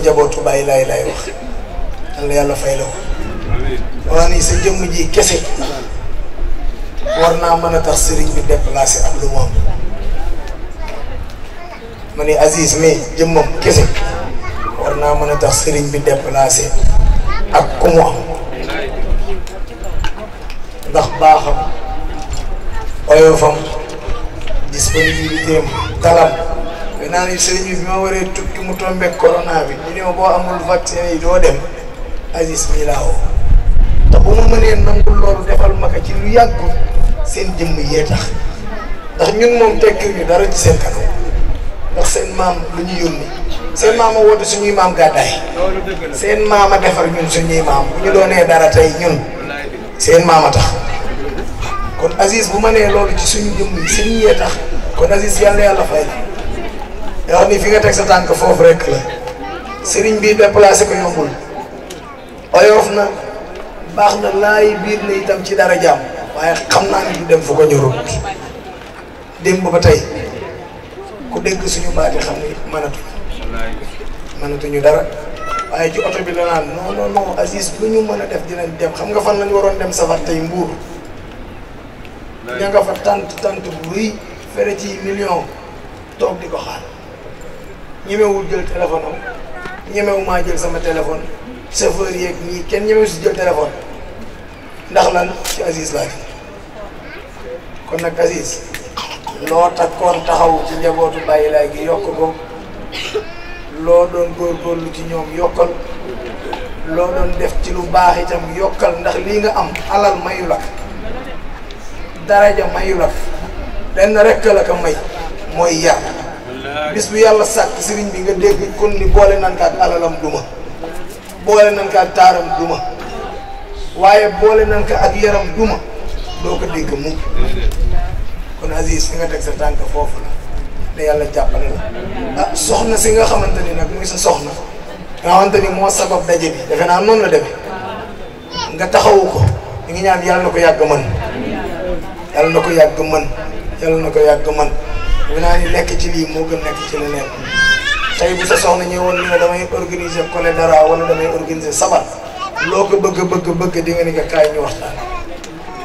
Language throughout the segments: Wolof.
njabootu bàyyi laay laay wax yàlla fay la ko wax ni sa jëmm ji kese war naa mën a tax sëriñ bi déplacé am lu moom ma ni Aziz mais jëmmam kese war naa mën a tax sëriñ bi déplacé ak ku mu ndax baaxam oyofam disponibilité am dalam te naa ne sëriñ bi bi ma waree tukki mu tombe corona bi ñu ne ma boo amul vaccin yi doo dem Aziz mi laaw te bu ma mënee nangu loolu defal ma ko ci lu yàggul seen jëmm yee tax ndax ñun moom tekkiw ñu dara ci seen kanam ndax seen maam lu ñu yónni seen maam a woote suñuy maam gàddaay seen maam a defar ñun suñuy dara tey ñun seen maam kon Aziz bu ma nee loolu ci suñu jëmm yi seen yee tax kon Aziz yàlla yàlla fay. nga xam fi nga teg sa tànk foofu rek la sëriñ bi déplacé ko yombul oyof na baax na laay biir ni itam ci dara jàmm waaye xam naa ni du dem fu ko ñorut démb ba tey ku dégg suñu baati xam ni mënatuñ mënatuñu dara waaye ci oto bi la naan non non non Aziz ñu mën a def dinañ dem xam nga fan lañ waroon dem safar tey mbuur ña nga fa tant tant bu fere ci million toog di ko xaar ñemewul jël téléphone am ñemewu maa jël sama téléphone chauffeur yeeg ñii kenn ñemewu si jël téléphone ndax lan ci Aziz laa kon nag Aziz loo takkoon taxaw ci njabootu bàyyi laay gi yokk ko loo doon góorgóorlu ci ñoom yokkal loo doon def ci lu baax itam yokkal ndax lii nga am alal mayu la daraja mayu la lenn rekk la ko may mooy yàlla bis bu yàlla sàkk sëriñ bi nga dégg kon ni boole nan ka ak alalam duma boole nan ka ak taaram duma waaye boole nan ka ak yaram duma doo ko dégg mu kon Aziz nga teg sa tànk foofu la te yàlla jàppale la ah soxna si nga xamante ni nag muy sa soxna nga xamante ni moo sabab daje bi defe naa noonu la demee nga taxawu ko ñu ngi ñaan yàlla na ko yàgg mën yàlla na ko yàgg mën ko yàgg mu naa ni nekk ci lii moo gën nekk ci leneen tey bu sa soxna ñëwoon ni nga damay organiser collé dara wala damay organiser sabar loo ko bëgg bëgg bëgg di nga ni nga kaay ñu waxtaan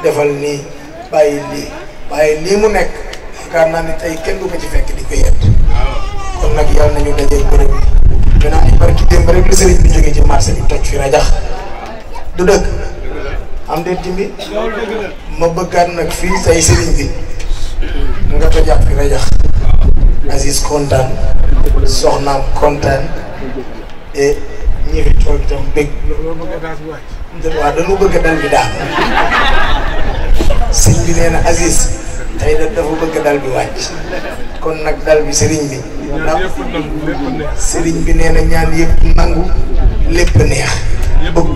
defal nii bàyyi lii waaye lii mu nekk yaakaar naa ne tey kenn du ko ci fekk di ko yett kon nag yàlla nañu dajee bërëb bi dinaa ñu barki démb rek li sëriñ bi jógee ci marché bi toj fi rajax du dëkk bëggaat nag fii say sëriñ bi nga ko jàpp dina yàq Aziz kontaan soxnaam kontaan et ñi fi toog itam bëgg. waaw bëgg dal bi daal sëñ bi nee na Aziz tey da dafa bëgg dal bi wàcc kon nag dal bi sëriñ bi sëriñ bi nee na ñaan yëpp nangu lépp neex bëgg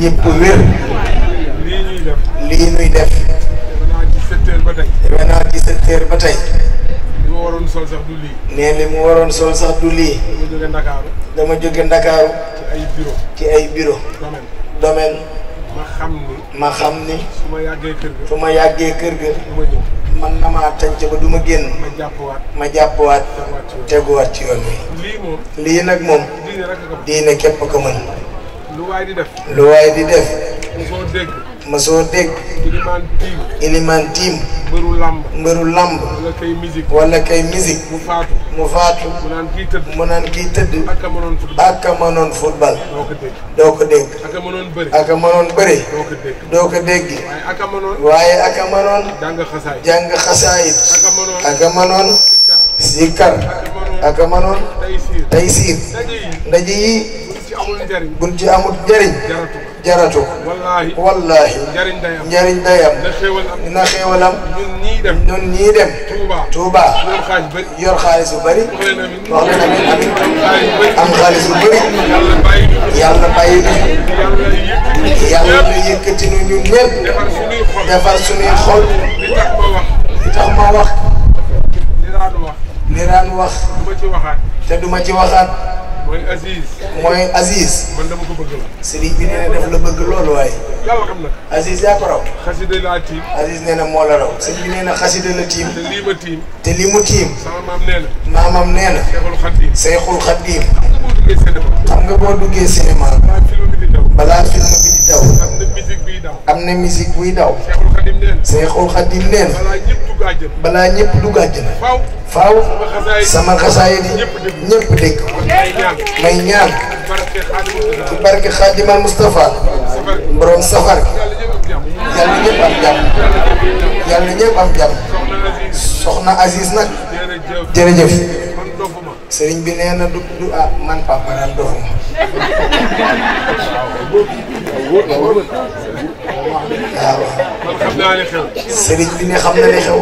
ñëpp wér lii def 17 naa 17 heures ba tey. li ma waroon li mu waroon sol sax du lii. dama jóge Ndakaaru. dama jóge Ndakaaru. ci ay bureau ci ay bureau domaine domaine. ma xam ni. ma xam ni. su ma yàggee kër ga. su ma yàggee kër ga. du ma ñëw. man na maa tànc ba du ma génn. ma jàppwaat ma jàppwaat. teguwaat ci yoon bi. lii moom. lii nag moom. diine képp ko mën. lu waay di def. lu waay di def. ku ko ma soo dégg. ilimaan mbëru lamb. mbëru kay musique. mu faatu. mu faatu. kii tëdd. ak a mënoon football. ak a mënoon football. doo ko dégg. ak a mënoon bëri. ak a doo ko dégg. waaye ak a mënoon. waaye ak a mënoon. jàng ak a mënoon. ak a siir. tey siir. ndaje yi. jaratu wallaahi njariñ dayam na xéewalam ñun ñii dem Touba xaalis bu bëri wax leen am xaalis bu bëri yàlla bàyyi ñu yàlla na yëkkati ñu ñun ñëpp defar suñuy xol li tax ma wax li daan wax te duma ci waxaat mooy Aziz. mooy Aziz. man dama ko bëgg la. sëriñ bi nee na la bëgg loolu waaye. yàlla xam na. Aziz yaa ko raw. xasida laa tiim. Aziz nee na moo la raw. sëriñ bi nee na xasida la tiim. te lii ma tiim. te maam nee na. maamam nee na. Seexul Xadiim. Seexul Xadiim. xam nga boo duggee cinéma balaa film bi am na musique buy daw Seexul Xadim neen balaa ñëpp dugg àjjana faaw sama xasaayid yi ñëpp dégg may ñaan ci barke Xaadimal Mustafa borom safar yàlla ñëpp am jàmm yàlla ñëpp am jàmm soxna Aziz nag jërëjëf. sëriñ bi nee na du du ah man papa daal sëriñ bi ne xam na li xew.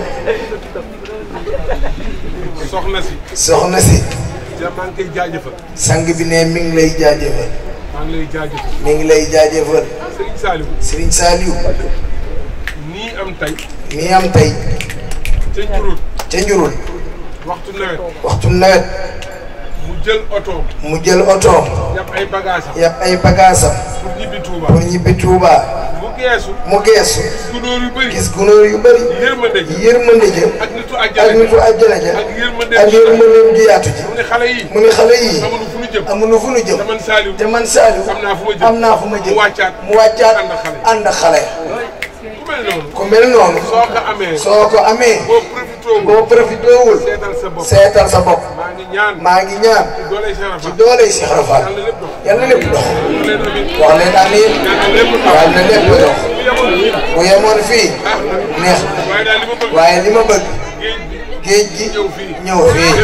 soxna si. sang bi ne mi ngi lay jaajëfal. maa ngi lay jaajëfal. mi sëriñ Saliou. nii am tey. nii am tey. ca njurul. ca njurul. waxtu nawet waxtu mu jël otoom. mu jël otoom. yab ay bagaasam yab ay bagaasam. pour ñibbi Touba pour ñibbi Touba. mu geesu mu geesu. gis gunóor yu bëri gis gunóor yu bëri. yërmande ak nitu àjjana ja ak ak yërmande ak yërmande yaatu ji. mu ne xale yii mu fu ñu jëm amuñu fu am naa fu ma jëm am naa fu ma jëm. mu wàccaat mu wàccaat xale. ku mel noonu. soo ko amee. boo profité wul seetal sa bopp maa ngi ñaan ci doole Cheikh Rafal yal na lépp dox wax leen amiin yal na lépp dox bu yemoon fii ah, neex na waaye li ma bëgg géej gi ñëw fii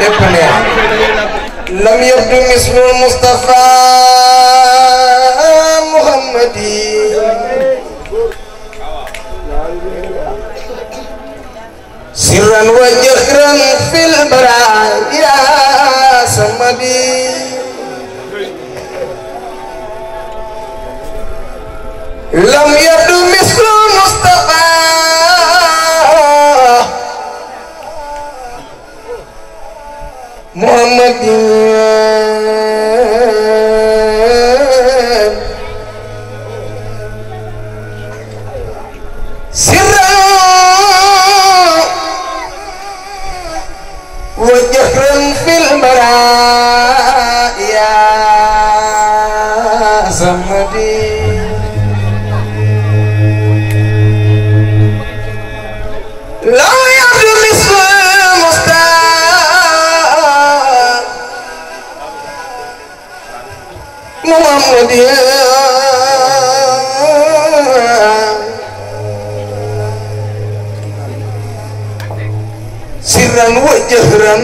lépp neex lam yabdu mislu Mustafa Muhammadi سرا وجهرا في البراء يا سمدي لم يبدو مثل مصطفى محمد أحد لو يبدو مثل المستاء محمد سرا وجهرا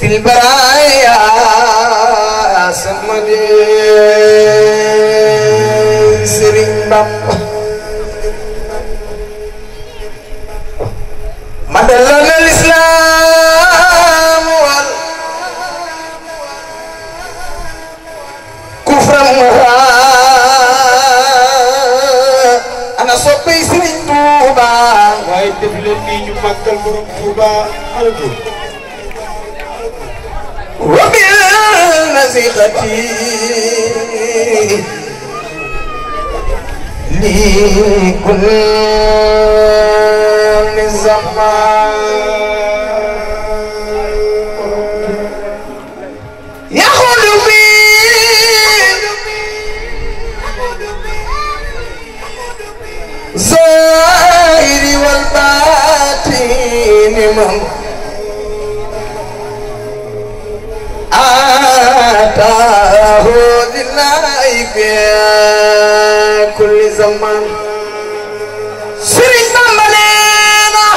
في البرايا Ahmad Serigne Bamba ma delloo na lislaam wal kufram ana soppay Serigne Touba waaye def leen nii ñu màggal borom Touba ala نزغتي لكل زمان الظاهر والباطن من أتاه للائك كل زمان سرنا ملينا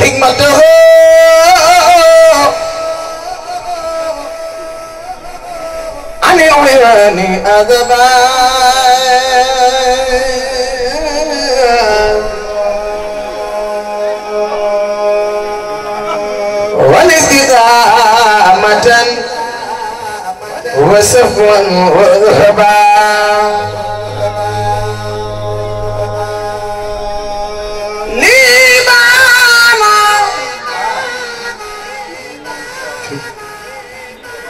حكمته عن عياني أذبان وسفوا وذهبا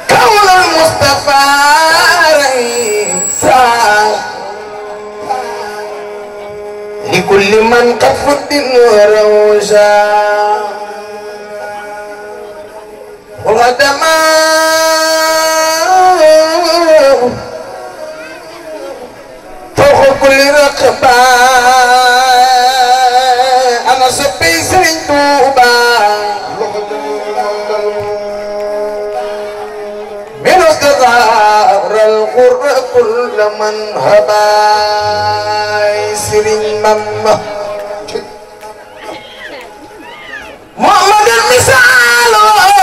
كون المصطفى رئيسا لكل من قد فتن وروشا وقدماه فوق كل رقبة أنا سبي سرين توبة من استظهر الغر كل من هبا سرين ممه محمد المثال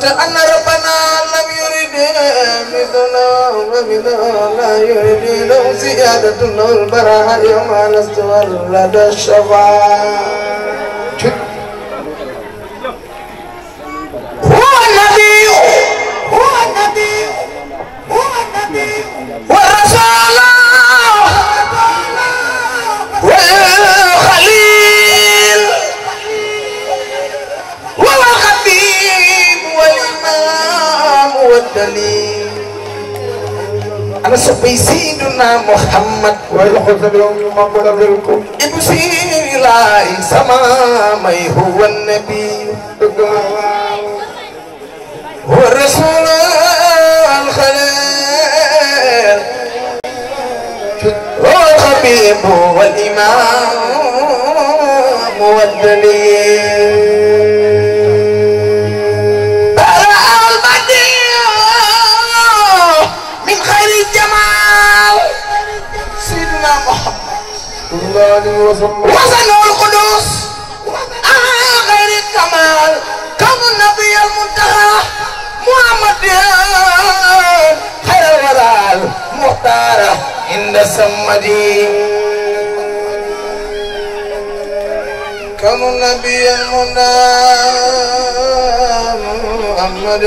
ظننت أن ربنا لم يرد مثلنا ومثلنا لا يرد له زيادة له البراء يوم لست ولد الشفاعة هو النبي هو النبي هو النبي والرسول ana soppay Seydina Muhammad way loxo sa doom ñu ma ko dafal ko ibu silaay sama may huwa nabi huwa rasul al khalil huwa al habib wal imam wal dalil عليه وسلم وصنع القدوس على غير الكمال كم النبي المنتهى محمد خير الورى المختار عند سمدي كم النبي المنتهى محمد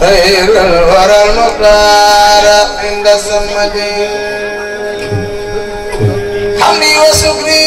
خير الورى المختار عند السمد حمدي وسكري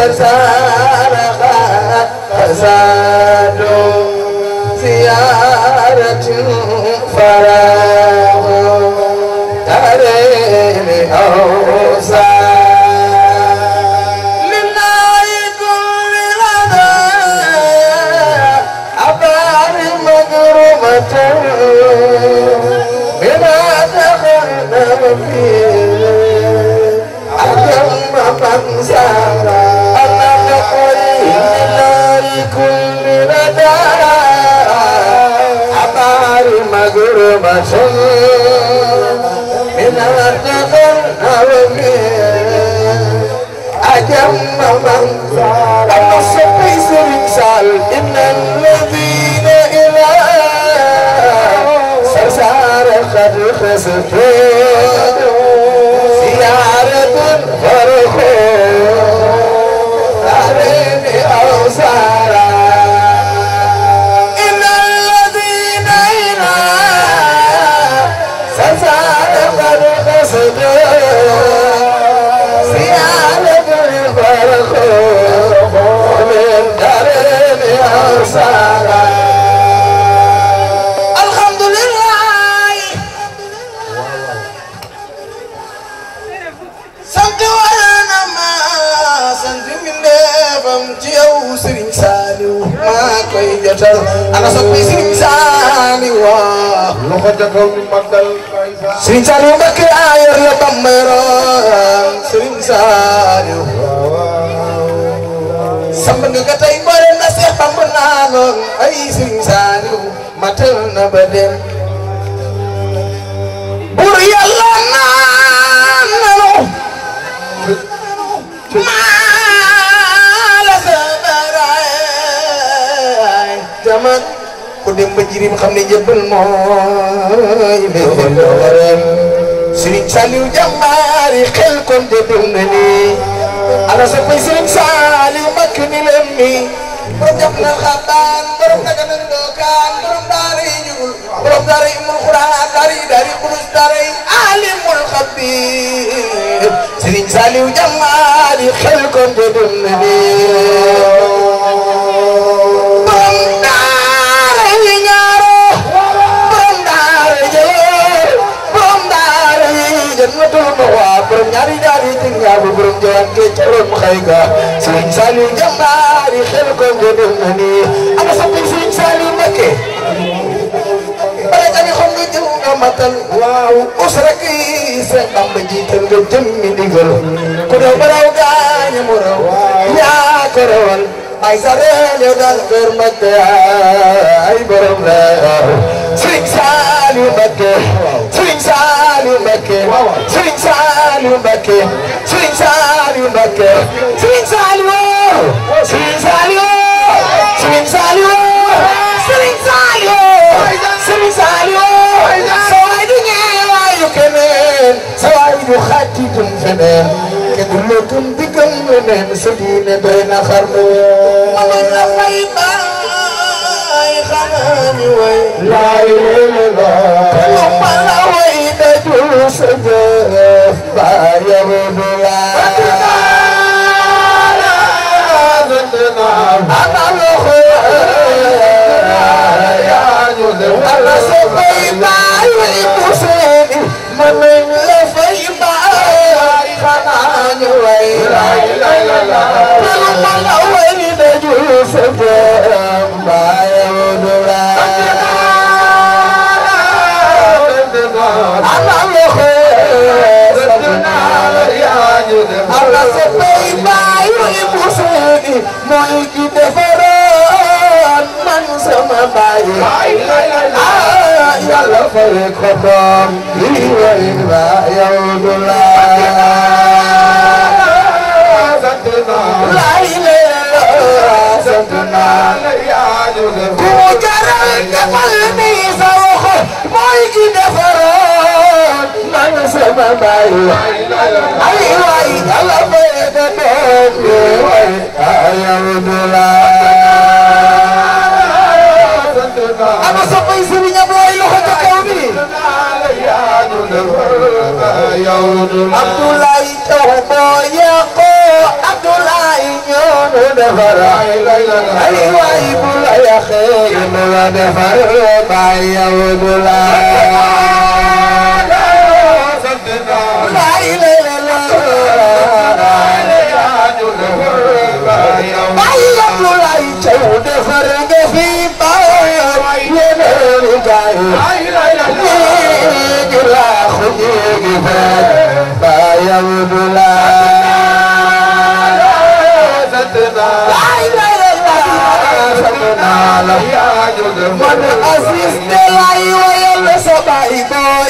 سسارة فساد زيارة فرد حرمة من النظر هرمي أجم من زار الصبي سرسال إن الذين إلى سرسار قد خسفين koy jotal ana soppi Serigne Saliou waaw. loxo ca kaw ñu màggal Baye Saliou. Serigne Saliou Mbacké ayor la bambero Serigne Saliou. sàmm nga ko tey boole na Seex Bamba naanoon ay Serigne Saliou matal na ba dem. dem ba jirim xam ne jëbbal mooy léegi dooram Serigne Saliou jàmbaari xel kon de dum na ni ala sa koy Serigne Saliou makk ni leen ni borom jàpp na xabaan borom daga na dookaan borom daara yi ñugul borom daara yi mul xuraan daara yi daara yi kulus daara yi alimul xabir Serigne Saliou jàmbaari xel kon de dum na ni jannatul maxwa borom ñaari daal yi ci ñaabu borom jawaan géej borom xëy ga sëriñ Saliou jàmbaar yi xel ko nga dem na ni ana soppi sëriñ Saliou Mbacké bare ani xam nga jëm nga matal waaw us rek yi seen bamb jiital nga jëm mi digal ku daw baraw gaañe mu raw yaa ko rawal ay sareel yow daal kër Mbacké ay borom la sëriñ Saliou Mbacké Serigne Saliou Mbacké Serigne Saliou Mbacké Serigne Saliou Mbacké Serigne Saliou Serigne Saliou Serigne Saliou Serigne Saliou Serigne Saliou sa waay du ñeewaayu keneen sa waay du xaatitum feneen kenn du lëkkam diggam leneen sa diine doy na xarnu Bye. mooy ki defaroon man sama baay yàlla fare ko doom li warit ba yow du laa sant naa laay leen sant naa yaa du defar ku garal defal ni sa waxo mooy ki defar sama baay ay waay ala fay da doon waay ayaw dula ama soppay sëriñ am waay loxo ca kaw bi Abdoulaye Thiaw moo yàqoo Abdoulaye ñoo nu defar ay waay bu la yàqee nu la defar baay yow dula When I see the light, I am the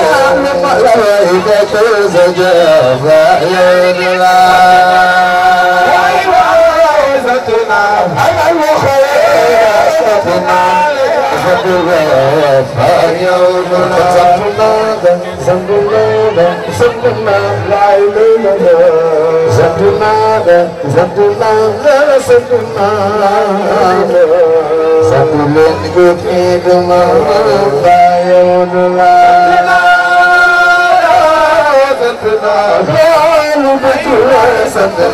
مقلوبة زجاف عيون الله وعزتنا أنا الخير أسرتنا Satu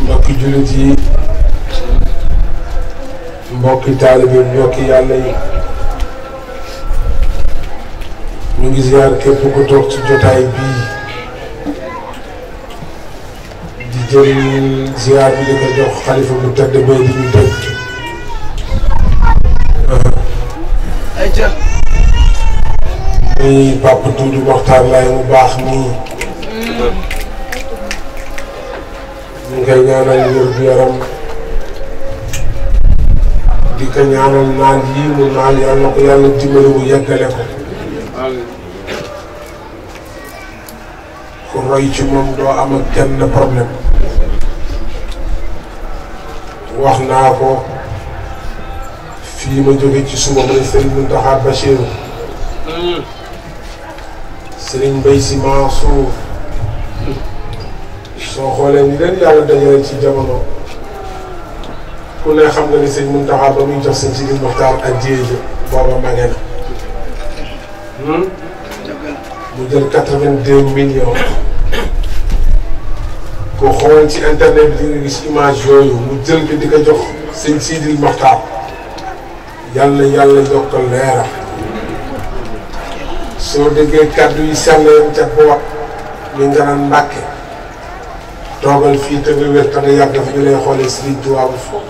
mbokki jullit yi mbokki taalibe mbokki yàlla yi ñu ngi ziar képp ku toog ci jotaay bii di jël ziar bi di ko jox xalifa bu tedd di ñu dëkk muy Papa Doudou Mokhtar Laye mu baax nii mm. ñu ngi koy ñaanal wér gu yaram di ko ñaanal naal yii mu naal yàlla na ko yàlla dimbali yeggale ko ku roy ci moom doo am ak kenn problème wax naa ko fii ma jóge ci suba mooy Serigne Mountakha Bachir Serigne Mbaye Sy Mansour soo xoolee ni leen yàlla dajale ci jamono ku ne xam na ni sëñ Mountakha ba muy jox sëñ Sidi Mokhtar ak jiyee ji booba ma hmm? mu jël quatre-vingt-deux millions ko xool ci internet bi di nga gis image yooyu mu jël bi di ko jox sëñ Sidi Mokhtar yàlla yàlla yokkal leera soo déggee kàddu yi sell yam ca boot ñu nga naan mbàkke toogal fii te nga te nga yàgg dafa ñu lay xoolee Sëriñ Tuubaa foofu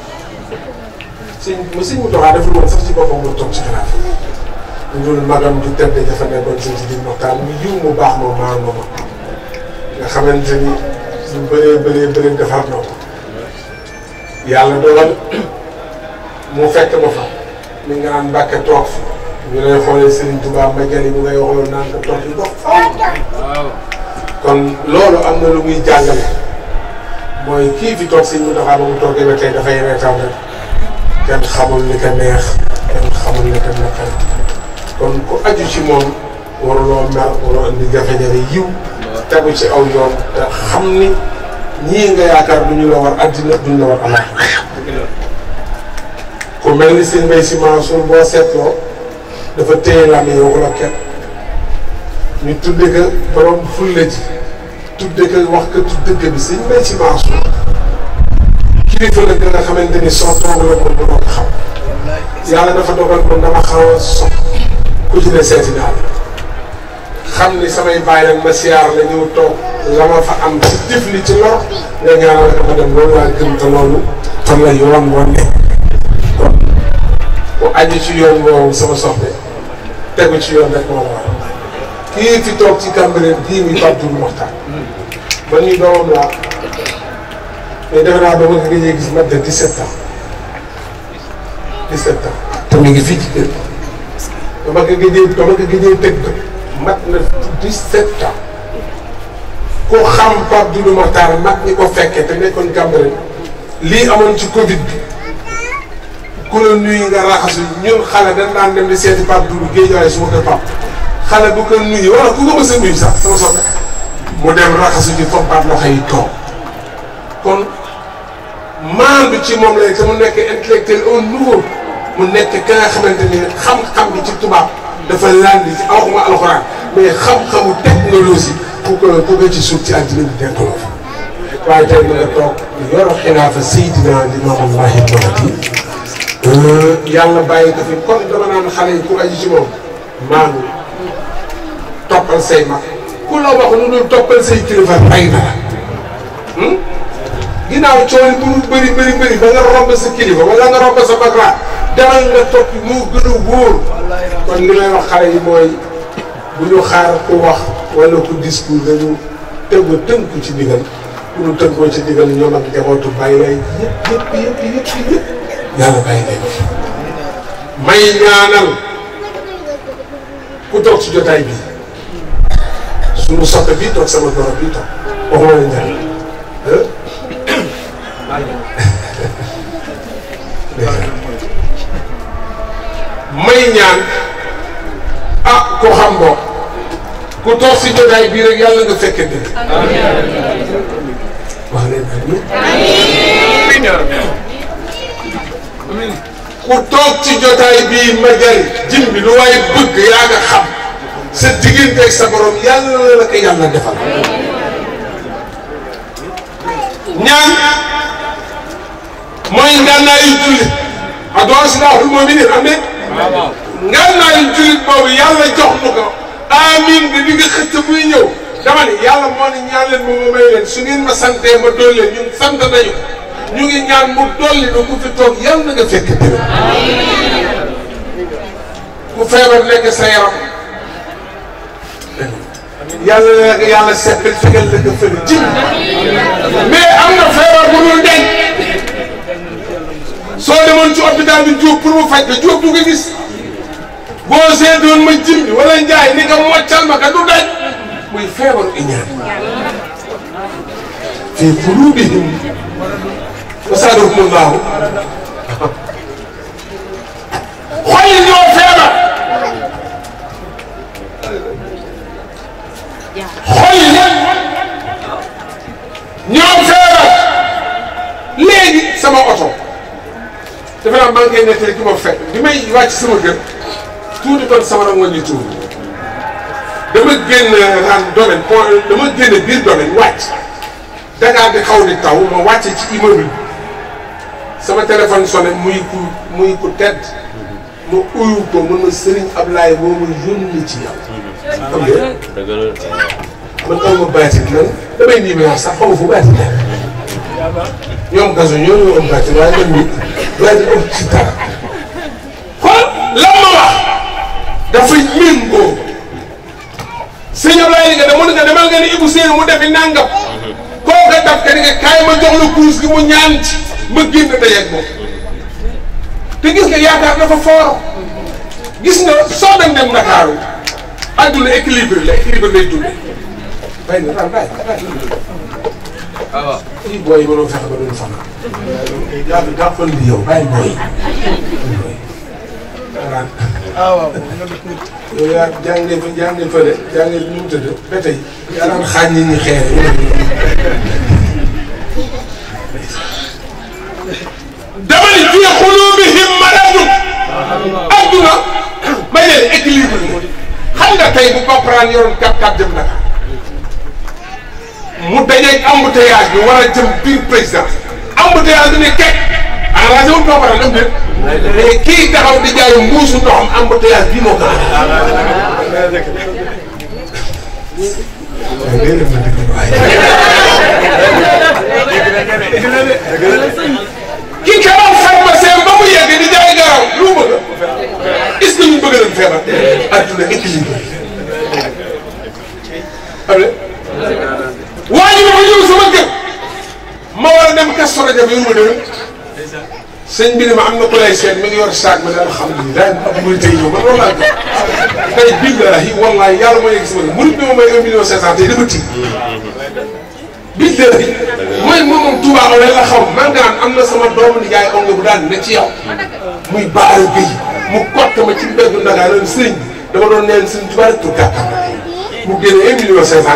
sëñ ma sëñ mu doxaa deful woon sax ci boppam mu toog ci xalaat ñun magam du tedd dafa nekkoon sëñ si di waxtaan mu yiw mu baax moom maa moom nga xamante ni lu bëree bëree bëree defar nga naan mbàkke toog fi ñu lay xoolee Serigne Touba Magali mu ngay waxoon naan ko toog am na lu muy jàngale mooy kii fi toog si ñu doxaa ba mu toogee ba tey dafay reetaan rek kenn xamul li ko neex kon ku aju ci moom waruloo mer waroo andi jafe-jafe yiw tegu ci aw yoon te xam ni ñii nga yaakaar du ñu la war addina duñ la war a laaj. ku mel ni Sëñ Mbay Si Mansuur boo seetloo dafa téye lam yi waxula kenn ñu tudde ko borom fulle ji tudde ko wax ko tudd dëgg bi Sëñ Mbay Si Mansuur kilifa la dina xamante ni soo toogaloo moom mënoo ko xam yàlla dafa dogal man dama xam ni samay bàyyi nag siyaar la toog loolu laa la yoon woon ne bu aju ci yoon woowu sama soxna tegu ci yoon rek moo war kii fi toog ci Cambérène bii muy Pape Diouf ba ñuy doomam laa mais defe naa ba ma gis mat de 17 ans 17 ans te mu ngi fii ci kër ba ma nga gëjee ba ma nga gëjee tëgg mat na 17 ku xam Pape Doudou Makhtar mag ñi ko fekkee te nekkoon Cambérène lii amoon ci Covid bi ku la nuyu nga raxasu ñun xale bu ko nuyu wala ku ko mës a nuyu sax sama soppe mu dem raxasu ji fombaat loxo yi toog. kon maam ci moom lay te mu nekk intellectuel au niveau mu nekk ka nga xamante ni xam-xam bi ci tubaab dafa landi ci awxuma alxuraan mais xam-xamu technologie ku ko ku ko ci suuf ci àddina bi denkaloo fa waaye tey nga toog yoro xilaafa Seydina Limaamullaahi Mahdi euh, yàlla bàyyi ko kon dama naan xale yi ku aju ci moom maam toppal say mag ku la wax lu toppal say kilifa bay na ginnaaw coono bu mu bëri ba nga romb sa kilifa wala nga romb sa bagra demal nga topp moo gën a wóor kon li may wax xale yi mooy bu ñu xaar ku wax wala ku discours dañu tëgg tënku ci digal bu ñu tënkoo ci digal ñoom ak njabootu bàyyi lay yëpp yëpp yëpp yëpp yëpp yàlla bàyyi lay may ñaanal ku toog ci jotaay bi suñu soppe bi toog sama borom bi toog waxuma la may ñaan ah ku xam ku toog si jotaay bii rek yàlla nga fekke bi ku toog ci jotaay bii ma jari jim lu waaye bëgg yaa nga xam sa diggante ak sa borom yàlla la ko yàlla defal ñaan mooy ngànnaayu jullit adoon silaaxul mu'miniin am ne waaw ngan naayu julit boobu yàlla jox mu ko amiin bi bi nga xëcc muy ñëw dama ne yàlla moo ne ñaan leen moom ma may leen su ngeen ma santee ma dool leen ñun sant nañu ñu ngi ñaan mu dolli nu ku fi toog yàlla na nga fekk déwén ku feebar nekk sa yaram yàlla na yàlla seppil fegal la nga fële ji mais am na feebar bu soo demoon ci hôpital bi Diop pour mu faj la Diop du ko gis boo seetoon ma jimbi wala njaay ni nga moccal ma ka du daj muy feebaru iñaan fii quluubihim wasaadahumullaahu xol yi ñoo feebar xol ñoo feebar léegi sama oto defe naa maa nettali ki ma fekk bi may wàcc sama gën tuuti kon samara moo ñu tuur dama génn laan domaine point dama génn biir domaine wàcc Dakar di xaw di taw ma wàcce ci immeuble bi sama téléphone sonné muy ku muy ku tedd ma uyu ko mën ma Serigne Ablaye moo ma yónni ci yow. xam nga man aw ma baati damay nii may wax sax xaw ma fu baati ñoom gaso ñoo ñu am gàcce waaye ñoom ñi daal di am ci dara xool lan ma wax dafay méngoo sëñ Ablaye li nga demoon nga demal nga ni Ibou Sène mu defi nangam koo nga daf ka ni nga kaay ma jox la kuus gi mu ñaan ci ma génn dajeeg moom te gis nga yaakaar dafa foor gis nga soo dem dem Ndakaaru àdduna équilibre la équilibre lay dund bay na daal bay waaw booy yi mënoo fexe ba duñu fanaan. yaa ngi jàppal li yow bàyyi booy yi. waaw waaw. yow yaa jàngee fa jàngee fa de jàngee nu mu tëdd ba tey. yaa daan xaaj nit ñi xeere dama ni fii xulubihim maradun adduna ma leen équilibre xam nga tey bu comprendre yoroon 4 4 jëm Dakar mu dajeeg embouteillage bi war a jëm biir président embouteillage bi ne kekk arrangé wu ñu ko faral def mais kii taxaw di jaay mbuusu ndoxam embouteillage bii moo ko ki keroog pharmacien ba mu yegg di jaay garaaw lu mu bëgg est-ce que ñu bëgg leen feebar adduna équilibre waaye dama ñëw sama kër ma war a dem Kazu Rajab bi mu demee sëñ bi ma am na ku lay seet mi ngi yor saag ma ne alhamdulilah ndax muy tey ñëw man loolu laa gën tey billahi wallahi yàlla mooy gis ma bi ma may un mu cinq cent tey dama tiit la xaw ma daan am na sama doomu nijaay onge bu daan ne ci yow muy baal béy mu kott ma ci mbégte Ndakaar loolu sëriñ bi dama doon neen sëriñ Touba rek pour mu génne un million cinq cent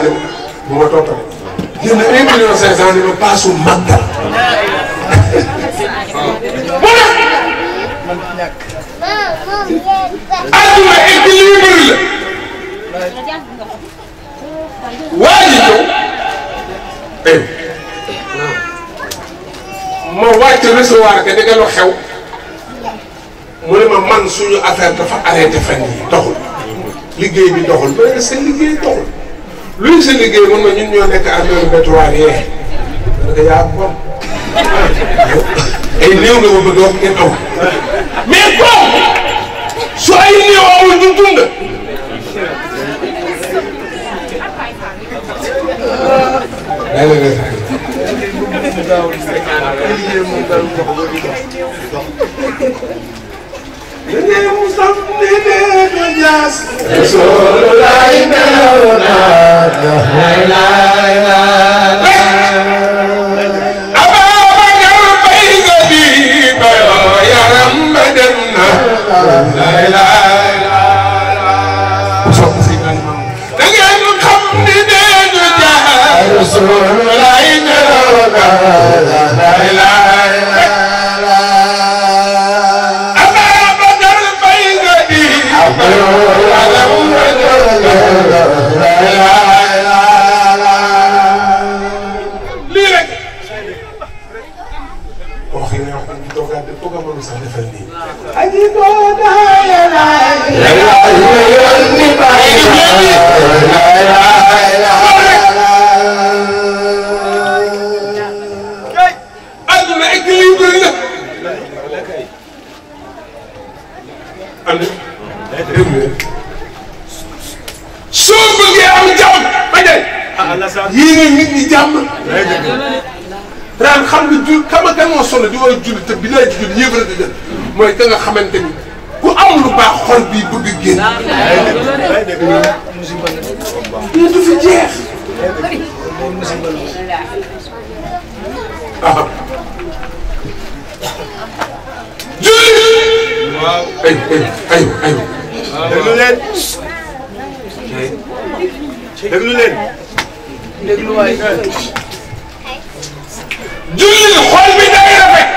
ma jënd un million cinq cent ni ma paasu màggal. mu ne. àdduna équilibre la. waa ji ñëw. eh. ma wàcc recevoir que dëgg lu xew. mu ne ma man suñu affaire dafa arrêté fan yi doxul. liggéey bi doxul ba seen liggéey doxul. luy sa liggéey mun ma ñun ñoo nekk affaire pétrole yee dana ko yaa ko ay néew nga aw mais bon su ay néew awul ñu dund name something in the jazz. It's all right now, not the highlight. Rasulullah yéene nit ñi jàmm. daan xam ne jul xam nga kan moo solo di war a julli te bi lay mooy ka nga xamante ni ku am lu baax xol bii bëgg génn. julli xol bi day rafet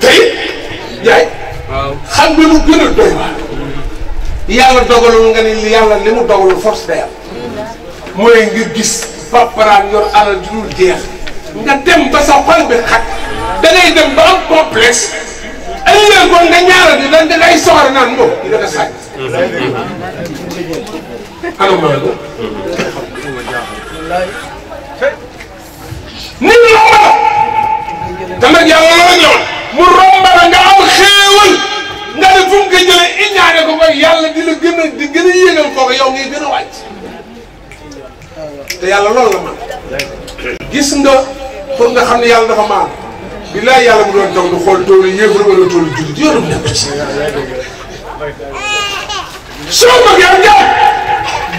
tey jaay xam nga lu gën a doy waar yàlla dogalul nga ni yàlla li mu dogalul force day mooy nga gis paparaan yor alal ju dul jeex nga dem ba sa xol bi xat da dem ba am complexe ëllëgoon nga ñaara ni da ngay soxla naan moom di nga ko ana mooy ko. nit ñi la. te nag yàlla la ñëw mu romb la nga am xéewal nga ne fu mu ko jëlee iñaane ko koy yàlla di la gën a di gën a yéegal kooku yow ngay gën a wàcc. te yàlla loolu la man gis nga pour nga xam ne yàlla dafa maan billaay yàlla mu doon toog du xool toolu yéefar wala toolu jullit yoonam nekk ci. soo bëggee am jàpp.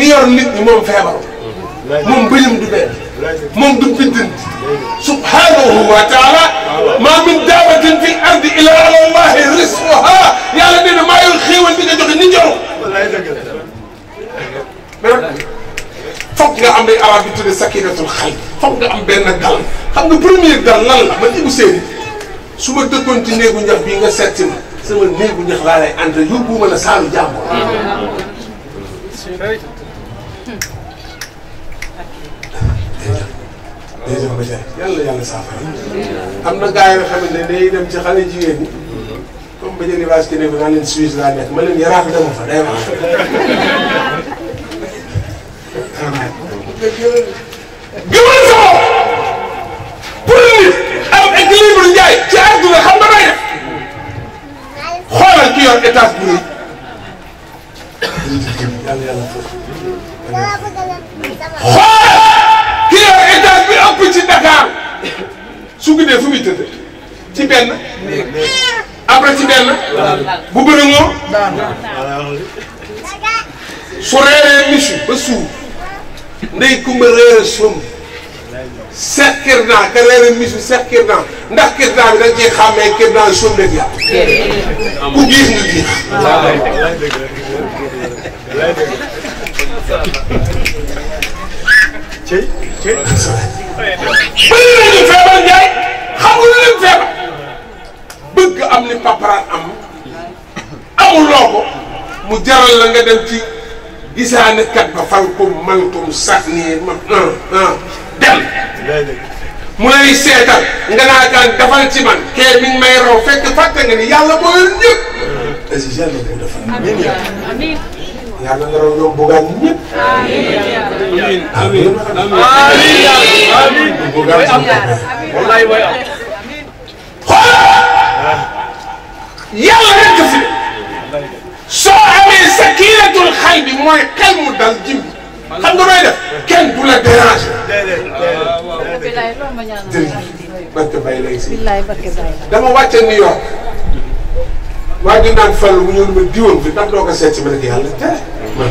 ki yor nit ñi moom feebaru moom bëñam du benn moom du bindin subhanahu wa taala ma min daabatin fi ardi illa ala allahi risquha yàlla nee na maa yor xéewal bi nga joxe ni njoru mais nag foog nga am day arab bi tudde sakinatul xal foog nga am benn dal xam nga premier dal lan la man Ibou Seyni su ma dëkkoon ci néegu ñax bii nga seet si ma sama néegu ñax laa lay ànd yóbbu ma la saalu jàmbur day def métier yàlla yàlla saafara am na gars yoo xamante ne day dem ci xale jigéen ñi comme ba jëli vache keneen bi naan leen Suisse laa nekk ma leen yaraax dama fa day wax. gëmal sa bopp pour nit am équilibre njaay ci àdduna xam nga may def xoolal ki yor étage bu rëy yàlla yàlla foofu xoolal ki yor ëpp ci Dakar su guddee fu muy tëdd ci benn après ci benn bu bëri moo su reeree misu ba suur ndey kumba reere som seex kirdan ka reere misu seex kirdan ndax kirdan bi da nga ciy xàmmee kirdan som nekk yàlla ku giir nga giir bëri nañu feebar Ndiaye xam nga lu leen bëgg am li paparaan am amuloo ko mu jaral la nga dem ci gisaane kat ba fal ko man ko mu sax nii ma ah, ah, dem mu lay seetal nga naa daan defal ci man kee mi ngi may raw fekk fàtte nga ni yàlla moo yor yàlla nga doon ñoom bugaan ñëpp. amiin amiin amiin bugaan am wallaay mooy am. xoolal yàlla rek fi soo amee sakinatul xal bi mooy xel mu dal jim xam nga may def kenn du la déranger. jërëjëf barke Baye lay si. dama wàcce New York. waaye ñu naan fàll bu ñëw ma diwoon fi doo ko seet si ma ne ko yàlla tere man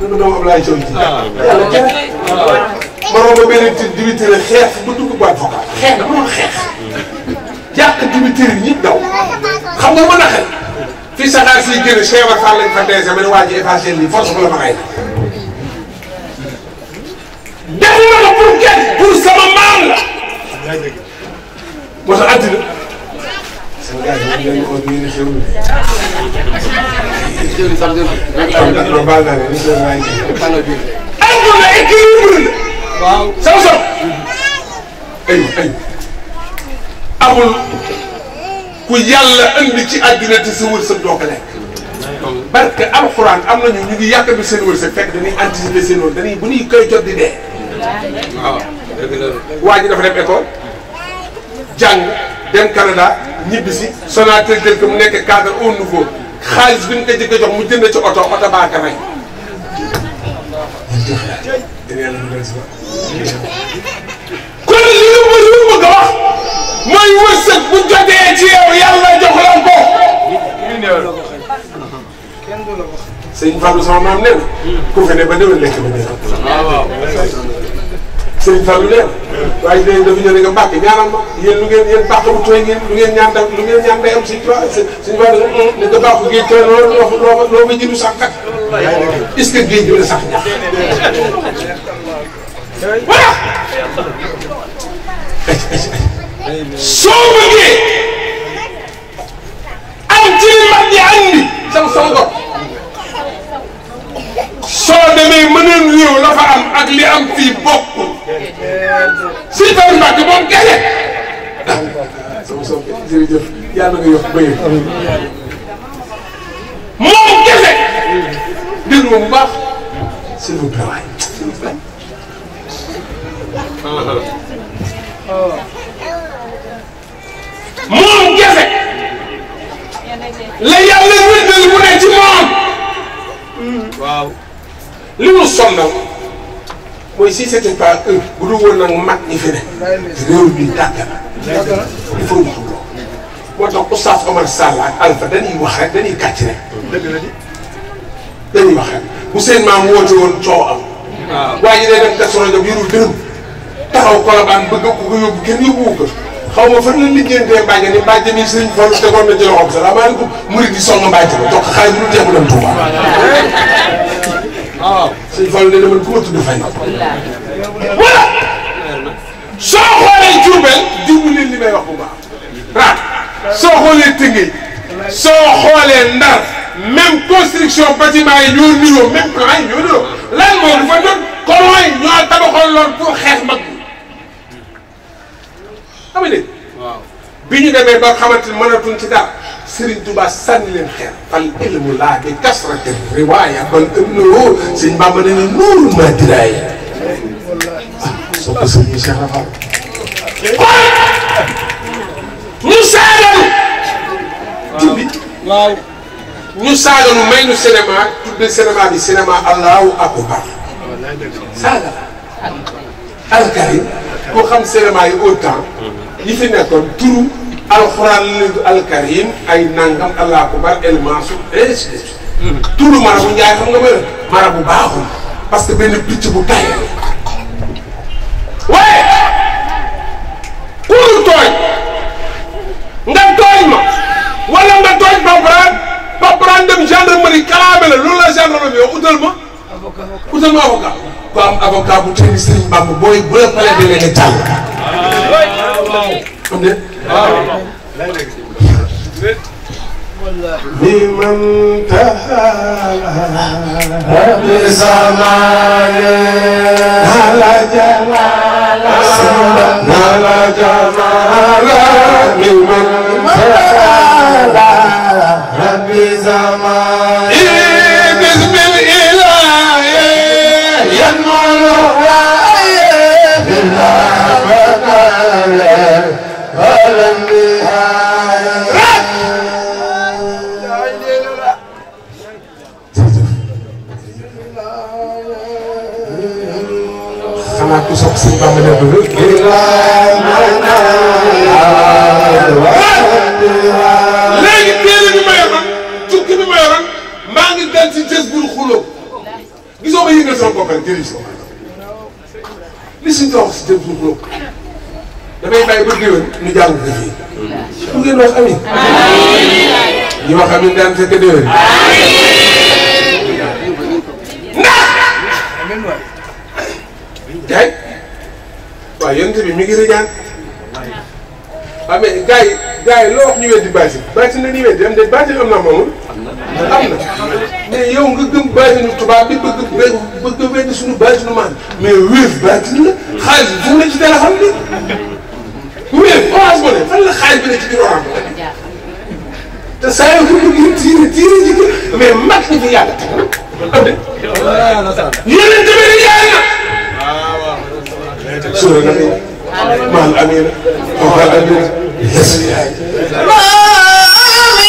man ma doomu Ablaye Sow ji yàlla tere ma romb benn ti diwitiri xeex ba dugg baat vocal xeex xeex jàq diwitiri ñi daw xam nga ma naxal fii saxaar siy génn Cheikh Fall lañ fa dese ma ne waa ji ma xay def na la sama maam la moo àddina sama gars yi ñu ngi ko ñu ngi xew. jërëjëf sax jërëjëf. loolu baal naa na sama amul ku yàlla andi ci àddina te sa doo ko lekk. parce que alxuraan am nañu ñu ngi yàq bi seen wërsëg fekk dañuy anticiper seen wërsëg dañuy bu ñuy koy jot di waa ji dafa dem école jàng. dem Canada ñibbi si Sonatel jël ko mu nekk cadre au niveau xaalis bi ñu ko jëkk a jox mu jënd ci oto oto baa ka fay. kon li nga mën li ma bëgg a wax mooy wërsëg bu jotee ci yow yàlla jox lan ko. sëñ Fallou sama maam nee na ku fi ne ba déwén lekk ba déwén. sëriñ Fallou leer waaye léegi dafa ñëw ne nga Mbàkke ñaanal ma yéen lu ngeen yéen baax bu tooy ngeen lu ngeen ñaan da lu ngeen ñaan day am suñ tubaab suñ tubaab ne nga baax géej tooy loo loo loo ma jëndu sax kat est-ce que géej bi la sax ñax voilà soo bëggee am ci li mag ñi andi sama sama gox soo demee mën réew la fa am ak li am fii bokkul si tan moom kese sama sopp jërëjëf yàlla nga yokk ne ci li ñu sonnal mooy si c'était pas bu dul woon nag mag ñi fi ne réew mi tàgg na il faut mu xuloo moo tax Oustaz Omar Sall ak Alpha dañuy wax rek dañuy kàcc rek dëgg la wax rek bu seen maam woote woon coow am waaye ñu ne dem Kazu Rajab yorul dërëm taxaw Colobane bëgg ko yóbbu kenn yóbbuwu ko xaw ma fan la liggéeyantee Mbacke ni Mbacke mi sëriñ Fallu tegoon na ci loxoom salaamaaleykum murid yi sonn Mbacke ba jox ko xaalis bu dul jeex mu dem Touba waaw ah, sëñ Fall nee na man ku soo xoolee Diourbel déglu leen li may wax bu soo xoolee Tëngéej. soo xoolee Ndar. même construction bâtiment yi ñoo niroo même plan yi ñoo niroo fa doon colons yi ñoo tabaxoon loon pour xeex mag bi. xam nga ni. bi ñu demee ba xamante ni mënatuñ ci dara. Serigne Touba sànni leen xeer fal ilmu laa bi kasrati riwaaya bal ëmloo sëñ Bamba ne nuuru ma diraay soo ko sëñ Cheikh Rafal kon ñu saaganu timbi waaw ñu saaganu may ñu cinéma tudde cinéma bi cinéma allahu akbar saaga alkarim boo xam cinéma yi autant yi fi nekkoon turu alxuraan lidu alkarim ay nangam allah akbar el maasu et turu marabu njaay xam nga mel marabu baaxul parce que benn picc bu tay waaye ku dul nga tooñ ma wala nga tooñ paparaan paparaan dem gendarmerie kalaame la loolu la gendarmerie yow utal ma. avocat utal ma avocat. ku am avocat bu tënk Serigne Bamba booy bu la palee da nga jàll. am de لمن تهاب بزمان على جمال على جمال لمن تهاب بزمان بسم الإله ينمو بالله ku sopp si Bàmba la bëgg léegi téere bi ma yoroon tukki bi ma yoroon maa ngi dal ci jës bul xuloo gisoo ma yëngal sama bopp rek jërëjëf li si dox si jës bul xuloo damay bàyyi ba déwén ñu jàng ko fii bu ngeen wax amin ñu wax amin daan fekk déwén jaay waaw yonent bi mi ngi rëjaan waaw mais gars yi gars yi loo wax ñu weddi baatin baatin la ñuy weddi am de baatin am na moomul am na mais yow nga gëm baatinu tubaab bi bëgg bëgg weddi suñu baatinu maan mais wéef baatin la xaalis bi fu la ci dara xam ni wéef orange mo ne fan la xaalis bi ne ci biir orange te saa yoo ko bëgg tiire tiire ji mais mag fi yàlla teg am de tamit yaay na سورة الأمينة مع الأمينة ومع الأمينة يسري ما أمينة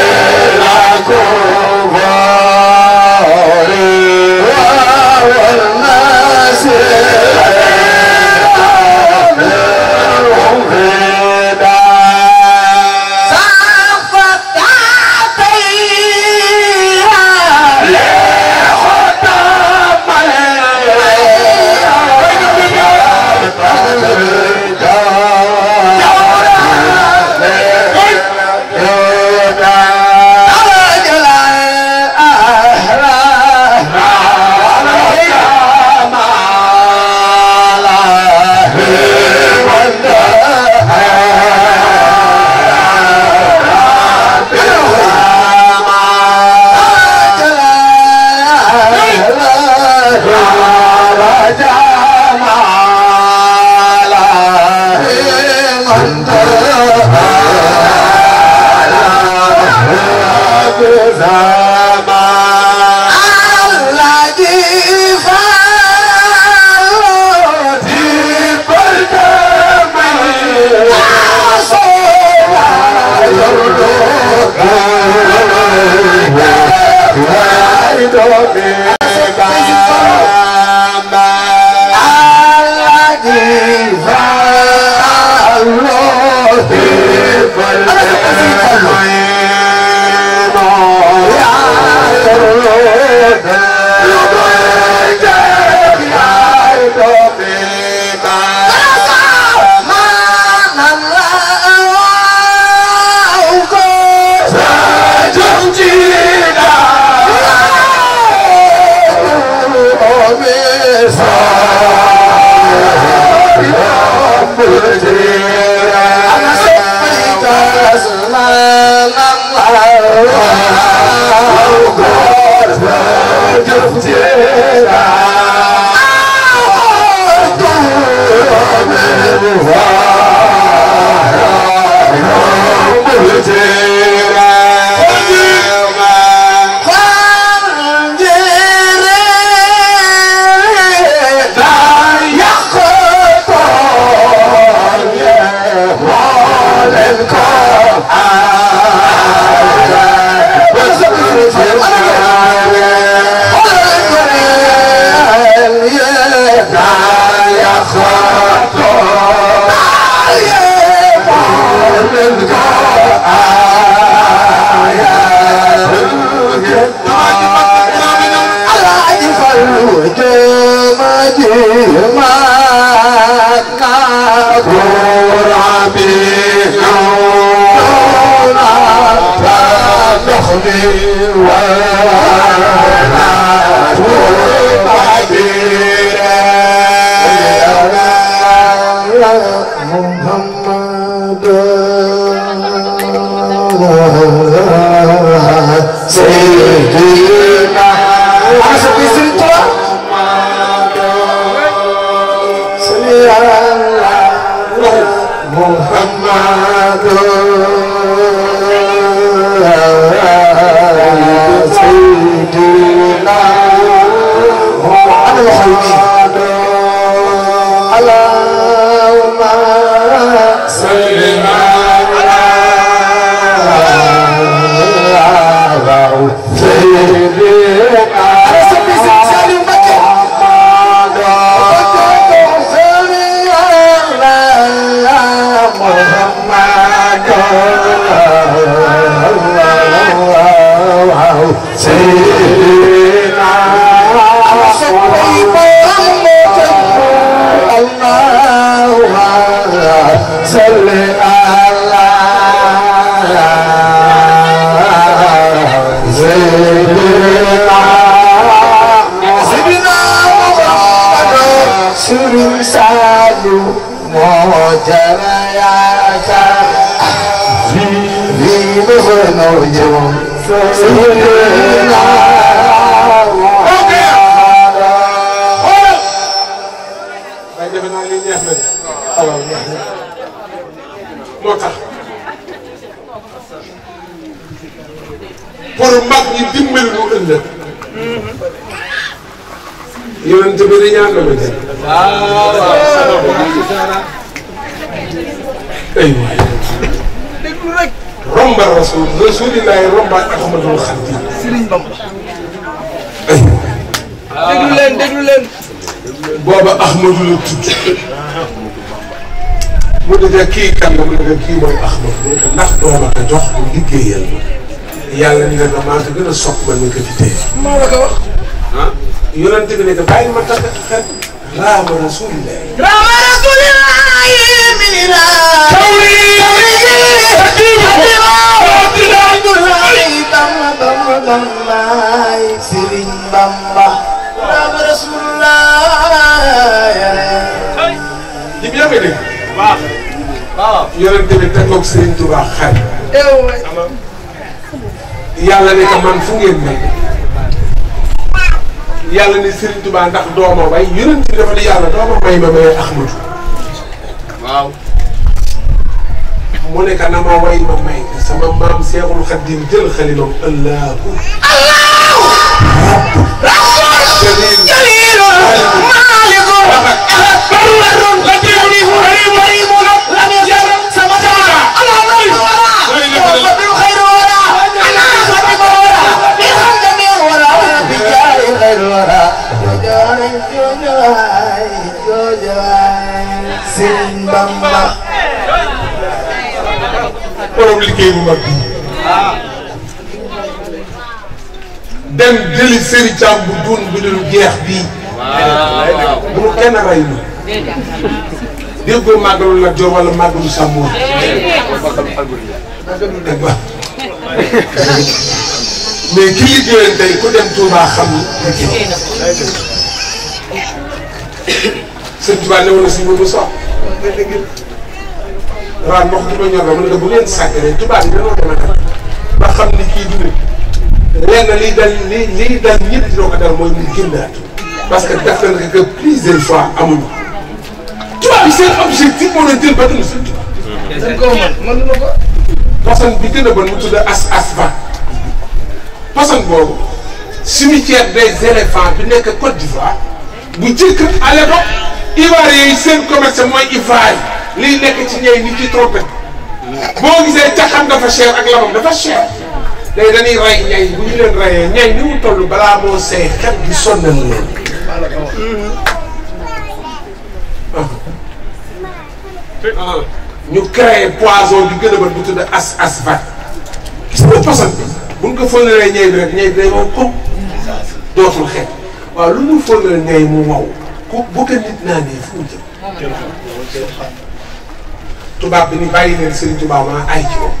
la وجههما كافور به تخلي ولا تعبير محمد سيدي دينا Salli ñaan la ñu def. waaw waaw. aywa. déglu rek. Romba rasul rasulillahi romba booba Ahmadu la mu dëgg kii kan la mu dëgg kii mooy Ahmad mu ne ndax dooma ko jox mu yàlla ni maa ko gën a sopp ko fi tey. maa yonent bi ne ko bàyyi ma takk xel raama rasulillah raama rasulillah mina tawri Sëriñ Bamba raama rasulillah ñi yaa ngi dégg waaw waaw yonent bi takkoog Sëriñ Tuubaa xel yàlla ne ko man fu ngeen nekk yàlla ne Serigne Touba ndax dooma may yonent bi dafa di yàlla dooma may ma may Ahmadu mu ne ka na ma way ma may sama maam Seexul Xaddim jël xalilam allahu allahu jalilu maaliku خير الورى liggéey bu mag bi dem jëli sëri bu duun bi dul jeex bii bu mu kenn rey lu déggoo màggalu la joor wala màggalu sàmmoor mais ki liggéeyoon tey ku dem Touba xam ni liggéey na sëñ Touba newoon na si mbirum soxla. waaw ndox bi ñor la mu ne bu leen sàggalee Touba bi dañoo dem a dem ba xam ni kii dund lenn liy dal li liy dal ñëpp dina ko dal mooy mu génnaat parce que def nañ ko que plusieurs fois amuñu. Touba bi seen objectif moo doon jël ba dund sëñ Touba. dañ koo mën mënuñu ko. poson bi gën as as ba. poson boobu cimetière des éléphants bi nekk Côte d'Ivoire bu njëkk à l'époque ivoirien yi seen commerce mooy ivoire yi liy nekk ci ñooy nit ci trompette boo gisee caxam dafa cher ak lamam dafa cher léegi dañuy rey ñay bu ñu leen reyee ñay ni mu toll balaa moo seey xet bi sonnal leen mhm. ah. ñu créé poison bi gën a ba bu tudd as as vat gis nga poson bi buñ ko fëlëlee ñay bi rek ñay bi day wow koŋ dootul xeet waaw lu ñu fëlëlee ñay mu wow ku bu ko nit naa ne fu mu tubaab bi ni bàyyi leen sëriñ tubaab maa ay ci moom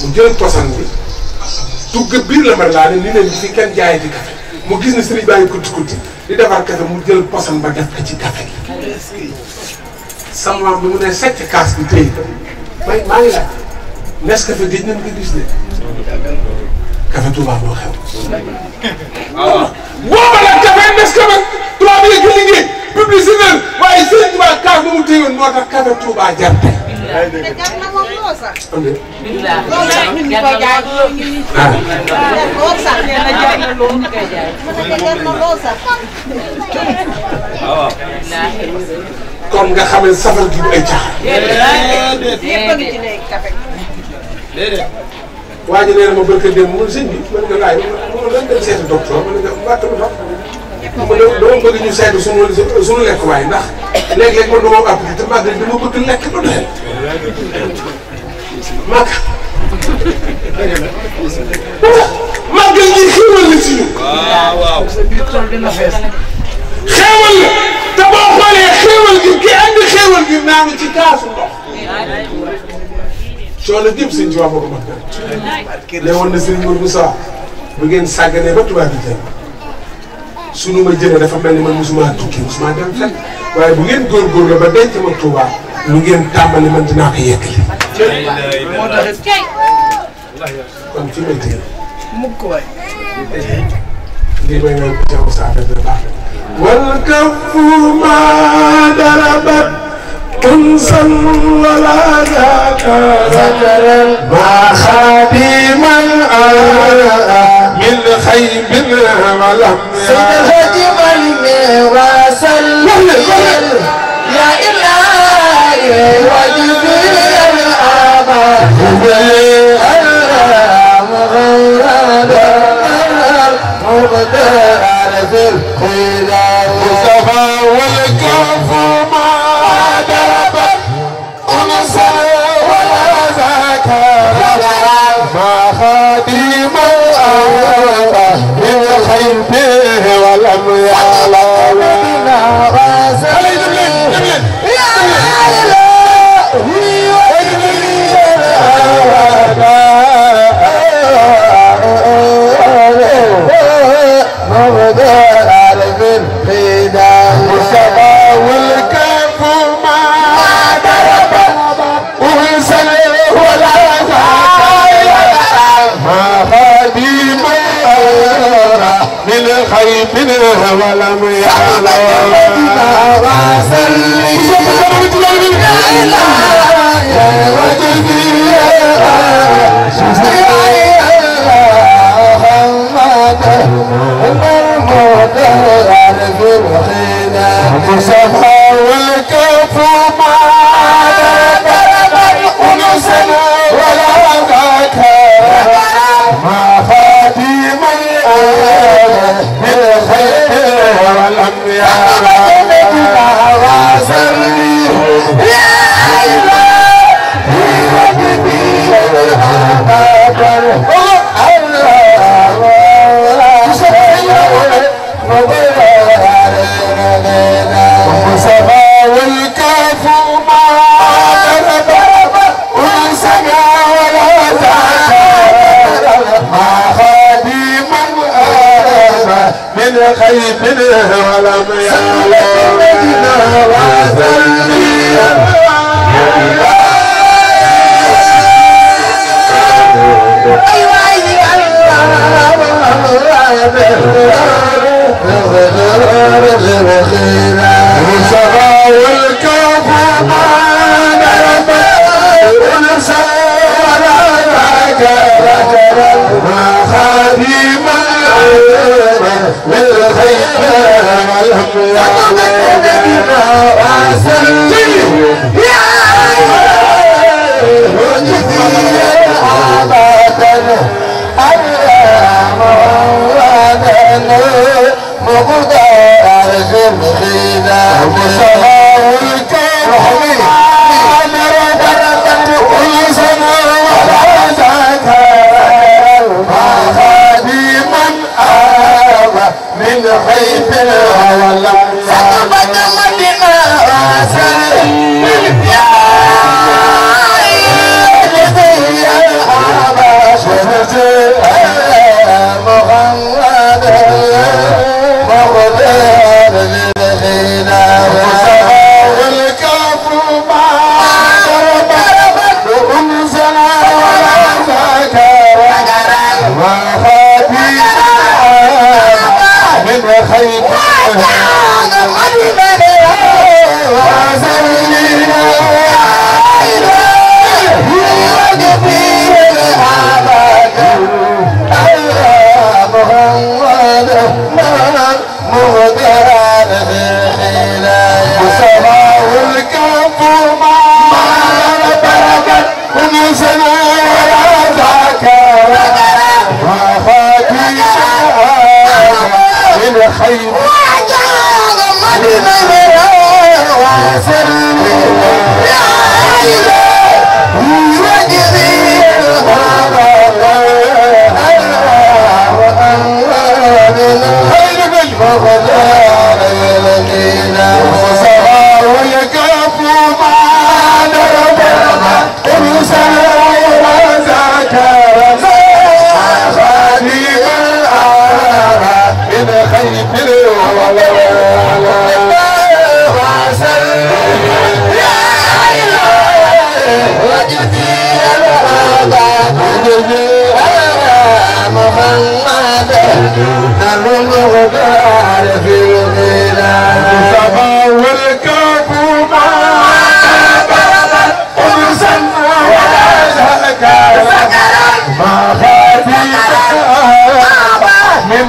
mu jël posan bi tugg biir la mel laa ne ni leen kenn jaay di café mu gis ni sëriñ baa ngi kutti kutti di defar café mu jël posan ba def ko ci café gi sama maam mu ne secc kaas bi téye ko may maa la nes café géej nañ ko gis ne café Touba doo xew. waaw woo ma nag café des que man tubaab yi julli ngeen publicité leen waaye sëñ Touba kaaf ba mu téyoon moo tax café Touba jar tey. te jar na moom loo sax. loolu sax ñu ngi koy jaay. ah loolu sax nee na jar na loolu ñu koy jaay. jar na loolu sax. waaw. comme nga xam ne safar gi du ay caaxaan. déedéet déedéet yëpp a ngi ci léegi café. déedéet. waa ji nee na ma barka démb mun sëñ bi mën nga laaj mën nga dem seeti docteur mën nga mbàtt lu ma dama bëgg ñu seeti sunu sunu lekk waaye ndax léeg-léeg man dama àpp te bëgg lekk ba doyal màgg màggal gi ci ñun waaw waaw xéewal la te boo xoolee ki naa ngi ci kaasu ndox coono jëm sëñ Tuubaa moo ko mat kër ne woon na sëñ Mourou Moussa bu ngeen sàgganee ba tubaab bi tey sunu ma jëlee dafa mel ni man mosuma tukki mosuma dem fenn waaye bu ngeen góorgóorlu ba denc ma Tuubaa lu ngeen tàmbali man dinaa ko yeggali. moo tax kon fi may tëjee. mukk waay. lii may ñëw Moussa affaire bi كنزا ولا ذكرا ما خادما من خيب ولم سنهج والميراث يا إلهي وجبي الأمر غير مغدر في الخلاف حول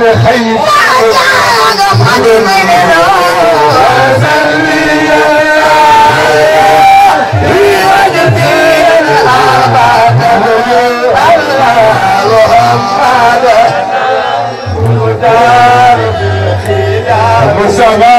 الحي وسلم في وجهي الأبد اللهم مدار في خلاف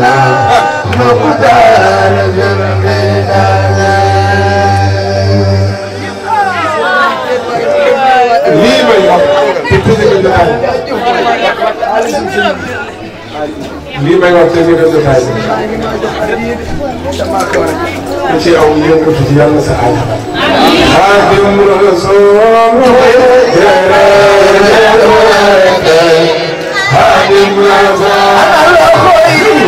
lii may wax te ñu gën a taay ku ci aw yëngatu ci yàlla sa aada xaadim rasul jërëjëf xaadim rasul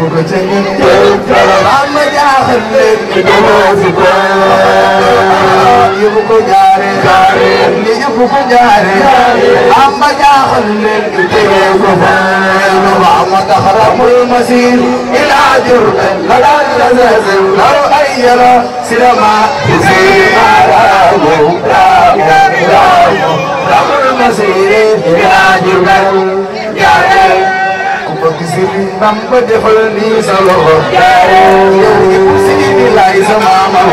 bu ko ca ngeen jëf am ma jaaxal leen ni dama fi ko yëpp ko jaare ni yëpp ko jaare am ma jaaxal leen ni tege ko fa ma taxaramul masir ila jurban la daan la zazil law ay yara sinama bisima raamu raamu raamu raamu masir ila jurban bamba defal nii sa loxo yow ibu waral wax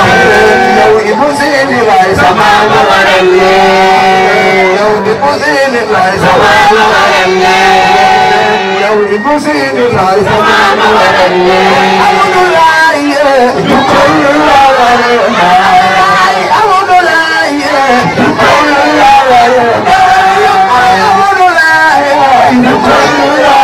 leen yow ibu siidi laay sa maama waral yow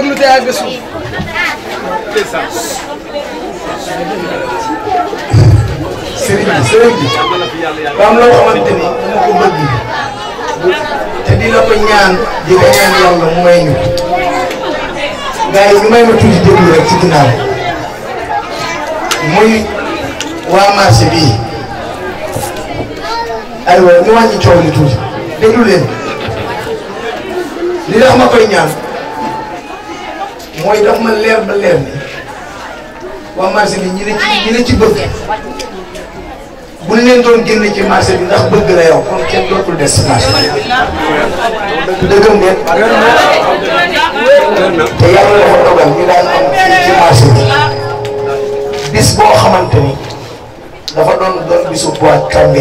déglu te àgg suuf sëriñ bi sëriñ bi daam loo xamante ni dama ko te di la ko ñaan di ko ñaan yàlla mu may ñu gars yi ñu may ma tuuti déglu rek ci ginnaaw muy waa marché bii aywa ñu wàññi coow li tuuti déglu leen li tax ma koy ñaan mooy daf ma leer ba leer ni waa marché bi ñi ne ci ñi ne ci bëgg buñ leen doon génne ci marché bi ndax bëgg la yow kon kenn dootul des ci marché bi dëggam ngeen te yàlla dafa dogal ñu daan am ci marché bi bis boo xamante ni dafa doon bisu boîte tambi